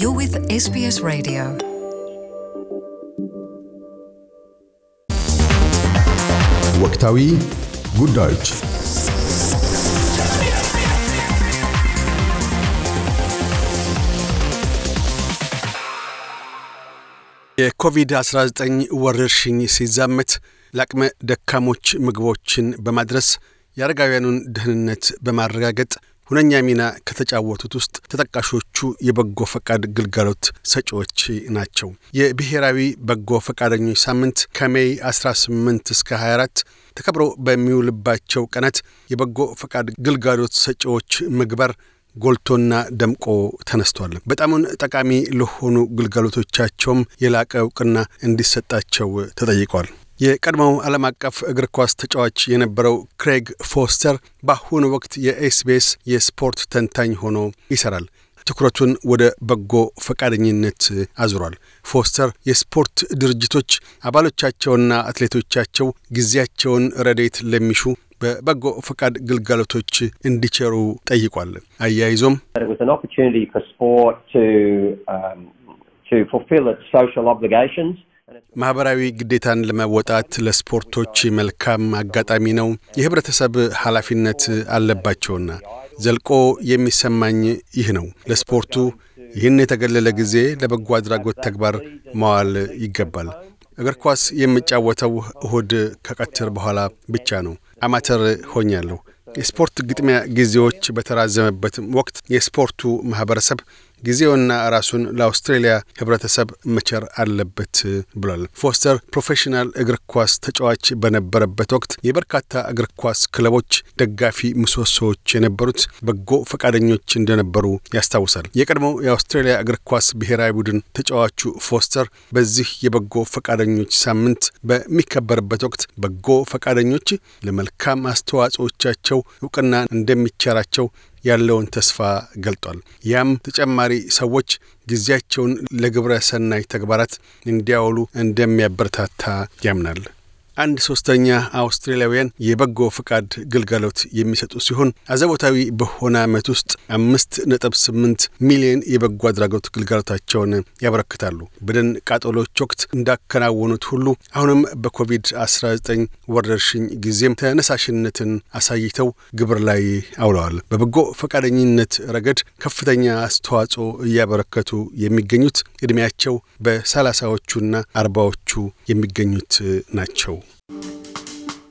You're with SBS Radio. ወቅታዊ ጉዳዮች የኮቪድ-19 ወረርሽኝ ሲዛመት ለአቅመ ደካሞች ምግቦችን በማድረስ የአረጋውያኑን ደህንነት በማረጋገጥ ሁነኛ ሚና ከተጫወቱት ውስጥ ተጠቃሾቹ የበጎ ፈቃድ ግልጋሎት ሰጪዎች ናቸው። የብሔራዊ በጎ ፈቃደኞች ሳምንት ከሜይ 18 እስከ 24 ተከብሮ በሚውልባቸው ቀናት የበጎ ፈቃድ ግልጋሎት ሰጪዎች ምግባር ጎልቶና ደምቆ ተነስቷል። በጣሙን ጠቃሚ ለሆኑ ግልጋሎቶቻቸውም የላቀ እውቅና እንዲሰጣቸው ተጠይቋል። የቀድሞው ዓለም አቀፍ እግር ኳስ ተጫዋች የነበረው ክሬግ ፎስተር በአሁኑ ወቅት የኤስቢኤስ የስፖርት ተንታኝ ሆኖ ይሰራል። ትኩረቱን ወደ በጎ ፈቃደኝነት አዙሯል። ፎስተር የስፖርት ድርጅቶች አባሎቻቸውና አትሌቶቻቸው ጊዜያቸውን ረዴት ለሚሹ በበጎ ፈቃድ ግልጋሎቶች እንዲቸሩ ጠይቋል። አያይዞም ማህበራዊ ግዴታን ለመወጣት ለስፖርቶች መልካም አጋጣሚ ነው። የህብረተሰብ ኃላፊነት አለባቸውና ዘልቆ የሚሰማኝ ይህ ነው። ለስፖርቱ ይህን የተገለለ ጊዜ ለበጎ አድራጎት ተግባር መዋል ይገባል። እግር ኳስ የምጫወተው እሁድ ከቀትር በኋላ ብቻ ነው። አማተር ሆኛለሁ። የስፖርት ግጥሚያ ጊዜዎች በተራዘመበትም ወቅት የስፖርቱ ማህበረሰብ ጊዜውና ራሱን ለአውስትሬሊያ ህብረተሰብ መቸር አለበት ብሏል። ፎስተር ፕሮፌሽናል እግር ኳስ ተጫዋች በነበረበት ወቅት የበርካታ እግር ኳስ ክለቦች ደጋፊ ምሰሶዎች የነበሩት በጎ ፈቃደኞች እንደነበሩ ያስታውሳል። የቀድሞው የአውስትሬሊያ እግር ኳስ ብሔራዊ ቡድን ተጫዋቹ ፎስተር በዚህ የበጎ ፈቃደኞች ሳምንት በሚከበርበት ወቅት በጎ ፈቃደኞች ለመልካም አስተዋጽኦቻቸው እውቅና እንደሚቸራቸው ያለውን ተስፋ ገልጧል። ያም ተጨማሪ ሰዎች ጊዜያቸውን ለግብረ ሰናይ ተግባራት እንዲያውሉ እንደሚያበረታታ ያምናል። አንድ ሶስተኛ አውስትራሊያውያን የበጎ ፈቃድ ግልጋሎት የሚሰጡ ሲሆን አዘቦታዊ በሆነ ዓመት ውስጥ አምስት ነጥብ ስምንት ሚሊዮን የበጎ አድራጎት ግልጋሎታቸውን ያበረክታሉ። በደን ቃጠሎች ወቅት እንዳከናወኑት ሁሉ አሁንም በኮቪድ-19 ወረርሽኝ ጊዜም ተነሳሽነትን አሳይተው ግብር ላይ አውለዋል። በበጎ ፈቃደኝነት ረገድ ከፍተኛ አስተዋጽኦ እያበረከቱ የሚገኙት ዕድሜያቸው በሰላሳዎቹና አርባዎቹ የሚገኙት ናቸው።